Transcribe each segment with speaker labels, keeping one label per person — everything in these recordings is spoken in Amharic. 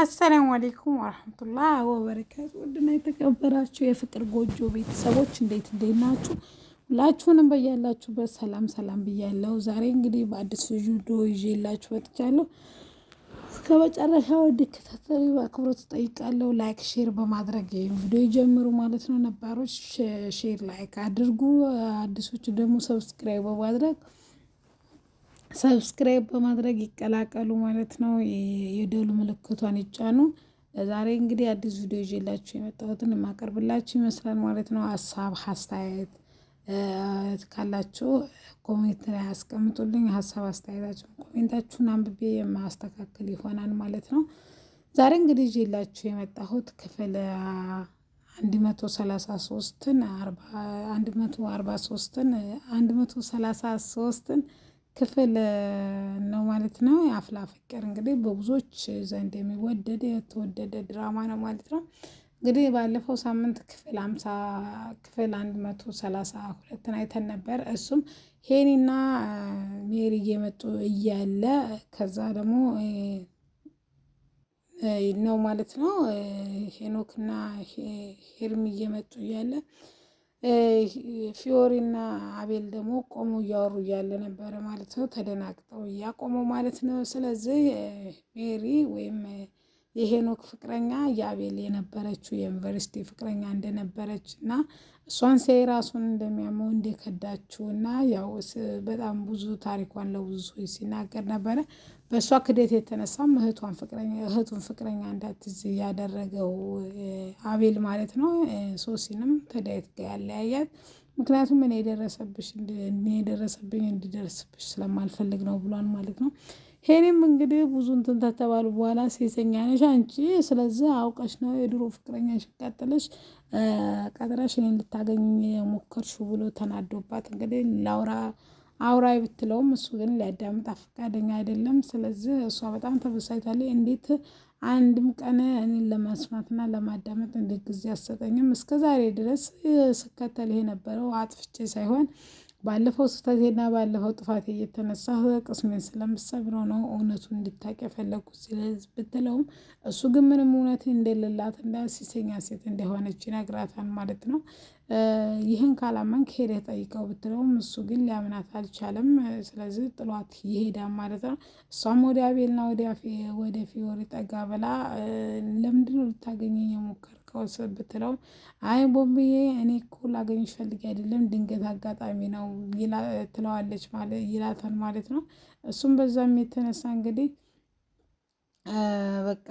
Speaker 1: አሰላሙ አሌይኩም ወረህመቱላህ ወበረካቱ። ውድና የተከበራችሁ የፍቅር ጎጆ ቤተሰቦች እንዴት እንዴት ናችሁ? ሁላችሁንም በያላችሁበት ሰላም ሰላም ብያለሁ። ዛሬ እንግዲህ በአዲስ ቪዲዮ ይዤላችሁ መጥቻለሁ። እስከ መጨረሻው እንድትከታተሉ በአክብሮት እጠይቃለሁ። ላይክ ሼር በማድረግ ቪዲዮ ጀምሩ ማለት ነው። ነባሮች ሼር ላይክ አድርጉ፣ አዲሶች ደግሞ ሰብስክራይብ በማድረግ ሰብስክራይብ በማድረግ ይቀላቀሉ ማለት ነው። የደሉ ምልክቷን ይጫኑ። ዛሬ እንግዲህ አዲስ ቪዲዮ ይዤላችሁ የመጣሁትን የማቀርብላችሁ ይመስላል ማለት ነው። ሀሳብ አስተያየት ካላችሁ ኮሜንት ላይ አስቀምጡልኝ። ሀሳብ አስተያየታችሁን ኮሜንታችሁን አንብቤ የማስተካከል ይሆናል ማለት ነው። ዛሬ እንግዲህ ይዤላችሁ የመጣሁት ክፍል አንድ መቶ ሰላሳ ሶስትን አንድ መቶ አርባ ሶስትን አንድ መቶ ሰላሳ ሶስትን ክፍል ነው ማለት ነው። አፍላ ፍቅር እንግዲህ በብዙዎች ዘንድ የሚወደድ የተወደደ ድራማ ነው ማለት ነው። እንግዲህ ባለፈው ሳምንት ክፍል አምሳ ክፍል አንድ መቶ ሰላሳ ሁለትን አይተን ነበር። እሱም ሄኒና ሜሪ እየመጡ እያለ ከዛ ደግሞ ነው ማለት ነው ሄኖክና ሄርም እየመጡ እያለ ፊዮሪና አቤል ደግሞ ቆሞ እያወሩ እያለ ነበረ ማለት ነው። ተደናግጠው እያቆመው ማለት ነው። ስለዚህ ሜሪ ወይም የሄኖክ ፍቅረኛ የአቤል የነበረችው የዩኒቨርሲቲ ፍቅረኛ እንደነበረች እና እሷን ሳይ ራሱን እንደሚያመው እንደከዳችው እና ያው በጣም ብዙ ታሪኳን ለብዙ ሰዎች ሲናገር ነበረ። በእሷ ክደት የተነሳም እህቷን ፍቅረኛ እህቱን ፍቅረኛ እንዳትዝ እያደረገው አቤል ማለት ነው። ሶሲንም ተዳይት ጋ ያለያያት ምክንያቱም እኔ የደረሰብሽ እኔ የደረሰብኝ እንዲደርስብሽ ስለማልፈልግ ነው ብሏን ማለት ነው። ሄኔም እንግዲህ ብዙ እንትን ተተባሉ በኋላ ሴሰኛ ነሽ አንቺ፣ ስለዚህ አውቀሽ ነው የድሮ ፍቅረኛ ቀጥለሽ ቀጥረሽ እኔን ልታገኝ ሞከርሽ ብሎ ተናዶባት እንግዲህ ላውራ አውራ ብትለውም እሱ ግን ሊያዳምጣ ፈቃደኛ አይደለም። ስለዚህ እሷ በጣም ተበሳጭታለች። እንዴት አንድም ቀን እኔን ለመስማትና ለማዳመጥ እንዴት ጊዜ አሰጠኝም? እስከ ዛሬ ድረስ ስከተል የነበረው አጥፍቼ ሳይሆን ባለፈው ስህተቴና ባለፈው ጥፋቴ እየተነሳ ቅስሜን ስለምሰብረው ነው እውነቱ እንድታቅ የፈለግኩት ስለዚህ ብትለውም እሱ ግን ምንም እውነት እንደሌላት እና ሲሰኛ ሴት እንደሆነች ይነግራታል ማለት ነው። ይህን ካላመንክ ሄደህ ጠይቀው ብትለውም እሱ ግን ሊያምናት አልቻለም። ስለዚህ ጥሏት ይሄዳል ማለት ነው። እሷም ወደ አቤልና ወደ ፊዮሪ ጠጋ ብላ ለምንድነው ልታገኘኝ የሞከረ እስከወሰድ ብትለውም አይ ቦምብዬ እኔ እኮ ላገኝሽ ፈልጌ አይደለም ድንገት አጋጣሚ ነው ትለዋለች ይላታል ማለት ነው። እሱም በዛም የተነሳ እንግዲህ በቃ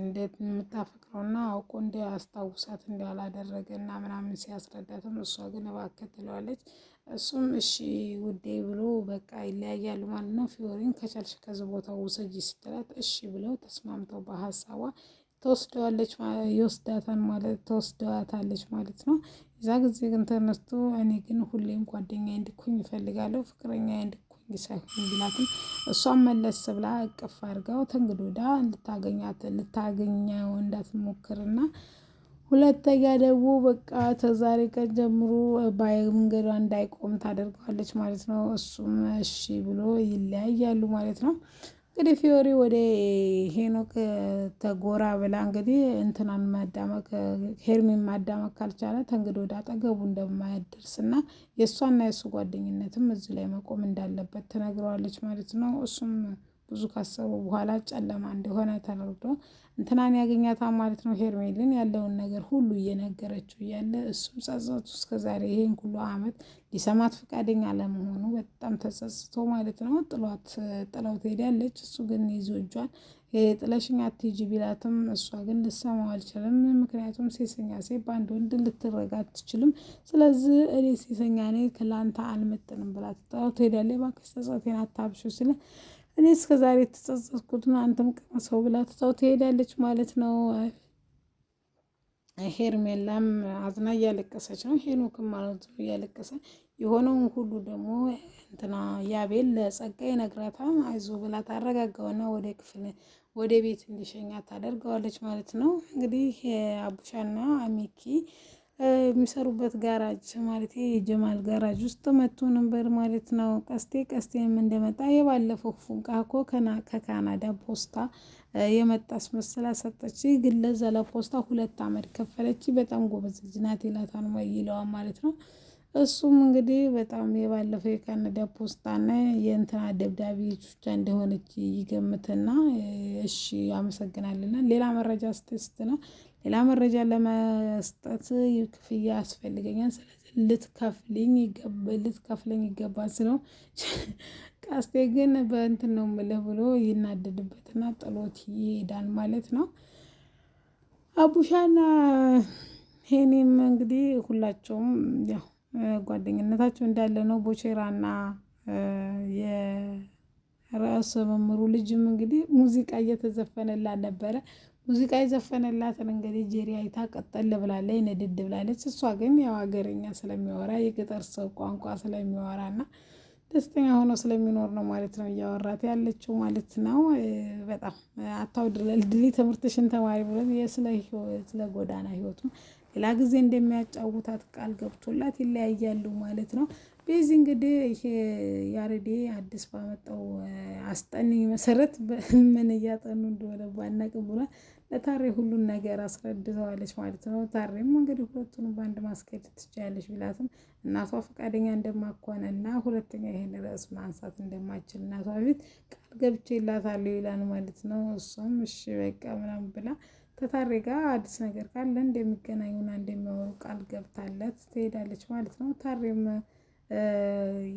Speaker 1: እንዴት የምታፈቅረውና አውቆ እንደ አስታውሳት አላደረገ እና ምናምን ሲያስረዳትም እሷ ግን እባክህ ትለዋለች። እሱም እሺ ውዴ ብሎ በቃ ይለያያሉ ማለት ነው። ፊዮሪን ከቻልሽ ከዚህ ቦታ ውሰጂ ስትላት እሺ ብለው ተስማምተው በሀሳቧ ትወስደዋለች ይወስዳታል ማለት ትወስደዋታለች ማለት ነው። የዛ ጊዜ ግን ተነስቶ እኔ ግን ሁሌም ጓደኛ እንድኩኝ ይፈልጋለሁ ፍቅረኛ እንድኩኝ ሳይሆን ቢላትም እሷን መለስ ብላ እቅፍ አድርገው ተንግዶዳ እንድታገኛት ልታገኘው እንዳትሞክርና ሁለተኛ ደግሞ በቃ ተዛሬ ቀን ጀምሮ መንገዷ እንዳይቆም ታደርገዋለች ማለት ነው። እሱም እሺ ብሎ ይለያያሉ ማለት ነው። እንግዲህ ፊዮሪ ወደ ሄኖክ ተጎራ ብላ እንግዲህ እንትናን ማዳመቅ ሄርሚን ማዳመቅ ካልቻለ ተንግዶ ወደ አጠገቡ እንደማያደርስ እና የእሷና የእሱ ጓደኝነትም እዚህ ላይ መቆም እንዳለበት ተነግረዋለች ማለት ነው እሱም ብዙ ካሰቡ በኋላ ጨለማ እንደሆነ ተረድቶ እንትናን ያገኛታ ማለት ነው። ሄርሜልን ያለውን ነገር ሁሉ እየነገረችው እያለ እሱም ጸጸቱ እስከዛሬ ይሄን ሁሉ አመት ሊሰማት ፈቃደኛ ለመሆኑ በጣም ተጸጽቶ ማለት ነው ጥሏት ጥለው ትሄዳለች። እሱ ግን ይዞ እጇን ጥለሽኛ አትሂጂ ቢላትም እሷ ግን ልሰማው አልችልም። ምክንያቱም ሴሰኛ ሴ በአንድ ወንድ ልትረጋ አትችልም። ስለዚህ እኔ ሴሰኛ ኔ ከላንተ አልመጥንም ብላ ትጠለው ትሄዳለች። እባክሽ ጸጸቴን አታብሺው ስለ እኔ እስከ ዛሬ ነው፣ አንተም ቀመሰው ብላ ትታው ትሄዳለች ማለት ነው። ሄርሜላም አዝና እያለቀሰች ነው። ሄኖክም ማለት ነው እያለቀሰ የሆነውን ሁሉ ደግሞ እንትና ያቤል ለጸጋ ይነግራታል። አይዞ ብላ ታረጋጋውና ወደ ክፍል ወደ ቤት እንዲሸኛ ታደርገዋለች ማለት ነው። እንግዲህ አቡሻና አሚኪ የሚሰሩበት ጋራጅ ማለት የጀማል ጋራጅ ውስጥ መቶ ነበር ማለት ነው። ቀስቴ ቀስቴም እንደመጣ የባለፈው ፉንቃ እኮ ከካናዳ ፖስታ የመጣ አስመስላ ሰጠች። ግን ለዛ ለፖስታ ሁለት አመት ከፈለች። በጣም ጎበዝ ልጅ ናት ይላታል ይለዋል ማለት ነው። እሱም እንግዲህ በጣም የባለፈው የካናዳ ፖስታና የእንትና ደብዳቤ ቹቻ እንደሆነች ይገምትና እሺ አመሰግናልና ሌላ መረጃ ነው ሌላ መረጃ ለመስጠት ክፍያ ያስፈልገኛል። ስለዚህ ልትከፍልኝ ልትከፍለኝ ይገባል ስለው ቀስቴ ግን በእንትን ነው የምልህ ብሎ ይናደድበትና ጥሎት ይሄዳል ማለት ነው። አቡሻና ሄኒም እንግዲህ ሁላቸውም ያው ጓደኝነታቸው እንዳለ ነው። ቦቼራና የርዕሰ መምህሩ ልጅም እንግዲህ ሙዚቃ እየተዘፈነላ ነበረ። ሙዚቃ የዘፈነላትን እንግዲህ ጄሪ አይታ ቀጠል ብላለች፣ ንድድ ብላለች። እሷ ግን ያው ሀገረኛ ስለሚወራ የገጠር ሰው ቋንቋ ስለሚወራ እና ደስተኛ ሆኖ ስለሚኖር ነው ማለት ነው እያወራት ያለችው ማለት ነው። በጣም አታውድለል ድሊ ትምህርትሽን ተማሪ ብሎ ስለ ጎዳና ህይወቱም ሌላ ጊዜ እንደሚያጫውታት ቃል ገብቶላት ይለያያሉ ማለት ነው። ቤዚ እንግዲህ ይሄ ያሬዴ አዲስ ባመጣው አስጠንኝ መሰረት ምን እያጠኑ እንደሆነ ባናቅም ብሏል። ለታሬ ሁሉን ነገር አስረድተዋለች ማለት ነው። ታሬም እንግዲህ ሁለቱን በአንድ ማስኬድ ትችላለች ብላትም እናቷ ፈቃደኛ እንደማኮነ እና ሁለተኛ ይህን ርዕስ ማንሳት እንደማችል እናቷ ፊት ቃል ገብቼ ይላታሉ ይላል ማለት ነው። እሷም እሺ በቃ ምናም ብላ ከታሬ ጋር አዲስ ነገር ካለ እንደሚገናኙና እንደሚያወሩ ቃል ገብታለት ትሄዳለች ማለት ነው። ታሬም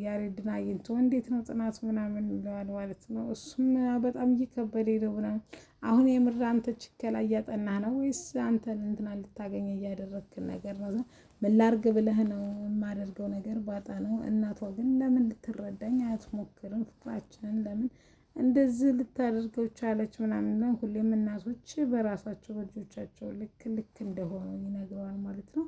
Speaker 1: ያሬድን አግኝቶ እንዴት ነው ጥናቱ ምናምን ብለዋል ማለት ነው። እሱም በጣም እየከበደ ሄደው ምናምን አሁን የምር አንተ ችከላ እያጠናህ ነው ወይስ አንተ እንትና ልታገኝ እያደረግክን ነገር ነው? ምን ላርግ ብለህ ነው የማደርገው ነገር ባጣ ነው። እናቷ ግን ለምን ልትረዳኝ አትሞክርም? ፍቅራችንን ለምን እንደዚህ ልታደርገው ቻለች? ምናምን ሁሌም እናቶች በራሳቸው በልጆቻቸው ልክ ልክ እንደሆኑ ይነግረዋል ማለት ነው።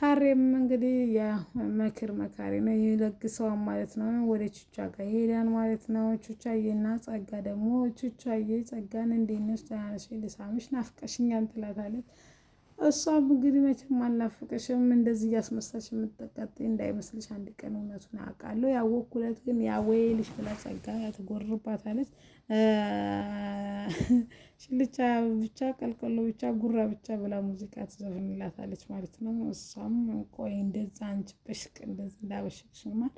Speaker 1: ታሬም እንግዲህ የመክር መካሪ ነው ይለግሰዋል ማለት ነው። ወደ ቹቻ ጋር ይሄዳል ማለት ነው። ቹቻዬና ጸጋ ደግሞ ቹቻዬ ጸጋን እንዴት ነሽ? ደህና ነሽ? ልሳምሽ ናፍቀሽኛል ትላታለች። እሷ እንግዲህ መቼም አልናፈቀሽም እንደዚህ እያስመሳሽ የምትቀጥይ እንዳይመስልሽ አንድ ቀን እውነቱን አውቃለሁ። ያወኩለት ግን ያወይልሽ ብላ ጸጋ ትጎርባታለች። ሽልቻ ብቻ ቀልቀሎ ብቻ ጉራ ብቻ ብላ ሙዚቃ ትዘፍንላታለች ማለት ነው። እሷም ቆይ እንደዛ አንቺ በሽቅ እንደዚህ እንዳበሽቅሽማል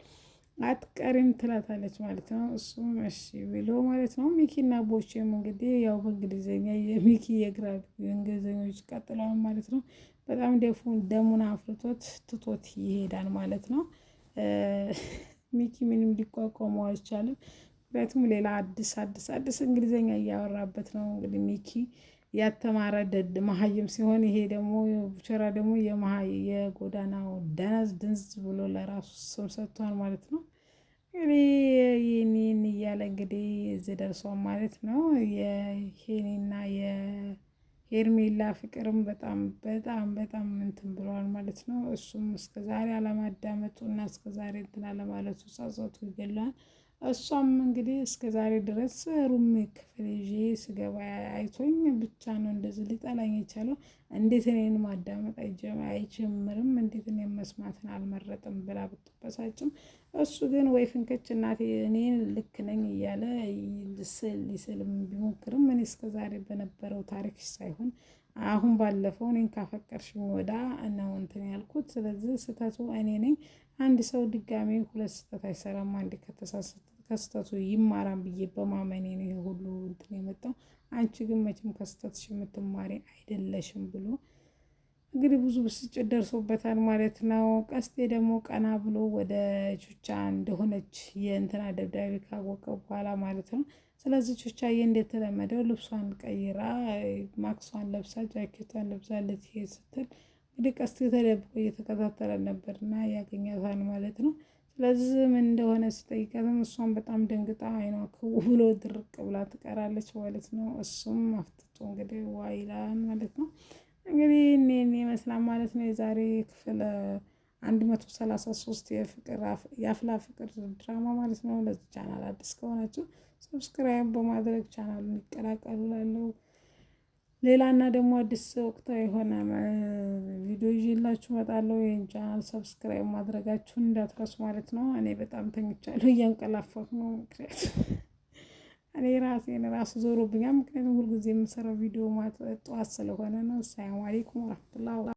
Speaker 1: አትቀሪም ትላታለች ማለት ነው። እሱም እሺ ብሎ ማለት ነው። ሚኪና ቦቼም እንግዲህ ያው በእንግሊዝኛ የሚኪ የግራ እንግሊዝኞች ቀጥለዋል ማለት ነው። በጣም ደፉ ደሙን አፍርቶት ትቶት ይሄዳል ማለት ነው። ሚኪ ምንም ሊቋቋመው አልቻለም። ምክንያቱም ሌላ አዲስ አዲስ አዲስ እንግሊዝኛ እያወራበት ነው እንግዲህ ሚኪ ያተማረ ደድ መሀይም ሲሆን ይሄ ደግሞ ቡቸራ ደግሞ የመሀይ የጎዳናው ደነዝ ድንዝ ብሎ ለራሱ ስም ሰጥቷል ማለት ነው። እኔ ይህንን እያለ እንግዲህ እዚህ ደርሶ ማለት ነው። የሄኔና የሄርሜላ ፍቅርም በጣም በጣም በጣም እንትን ብለዋል ማለት ነው። እሱም እስከዛሬ አለማዳመጡ እና እስከዛሬ እንትን አለማለቱ ጸጸቱ ይገለዋል። እሷም እንግዲህ እስከ ዛሬ ድረስ ሩም ክፍል ይዤ ስገባ አይቶኝ ብቻ ነው እንደዚህ ሊጠላኝ የቻለው። እንዴት እኔን ማዳመጥ አይጀምርም፣ እንዴት እኔን መስማትን አልመረጥም ብላ ብትበሳጭም፣ እሱ ግን ወይ ፍንክች እናቴ እኔ ልክ ነኝ እያለ ስል ሊስልም ቢሞክርም እኔ እስከ ዛሬ በነበረው ታሪክ ሳይሆን አሁን ባለፈው እኔን ካፈቀርሽኝ ወዳ ነው እንትን ያልኩት። ስለዚህ ስህተቱ እኔ ነኝ። አንድ ሰው ድጋሚ ሁለት ስህተት አይሰራም። አንድ ከተሳሳተ ከስተቱ ይማራን ብዬ በማመኔ ነው ሁሉ እንትን የመጣው። አንቺ ግን መቼም ከስተትሽ የምትማሪ አይደለሽም ብሎ እንግዲህ ብዙ ብስጭት ደርሶበታል ማለት ነው። ቀስቴ ደግሞ ቀና ብሎ ወደ ቹቻ እንደሆነች የእንትና ደብዳቤ ካወቀ በኋላ ማለት ነው። ስለዚህ ቹቻዬ እንደተለመደው ልብሷን ቀይራ ማክሷን ለብሳ ጃኬቷን ለብሳ ልትሄድ ስትል እንግዲህ ቀስቴ ተደብቆ እየተከታተለ ነበርና ያገኛታል ማለት ነው። ለዝም እንደሆነ ስጠይቃትም እሷን በጣም ደንግጣ አይኗ ክው ድርቅ ብላ ትቀራለች ማለት ነው። እሱም አፍትቶ እንግዲህ ዋይላን ማለት ነው። እንግዲህ እኔን ይመስላል ማለት ነው የዛሬ ክፍል አንድ መቶ ሰላሳ ሶስት የፍቅር የአፍላ ፍቅር ድራማ ማለት ነው። ለዚህ ቻናል አዲስ ከሆናችሁ ሰብስክራይብ በማድረግ ቻናሉን ይቀላቀሉ ላለው ሌላና ደግሞ አዲስ ወቅታዊ የሆነ ቪዲዮ ይዤላችሁ እመጣለሁ። ይህን ቻናል ሰብስክራይብ ማድረጋችሁን እንዳትረሱ ማለት ነው። እኔ በጣም ተኝቻለሁ፣ እያንቀላፋሁ ነው። ምክንያቱ እኔ ራሴን ራሱ ዞሮብኛል። ምክንያቱም ሁልጊዜ የምሰራው ቪዲዮ ጠዋት ስለሆነ ነው። ሰላም አሌይኩም ወረሕመቱላህ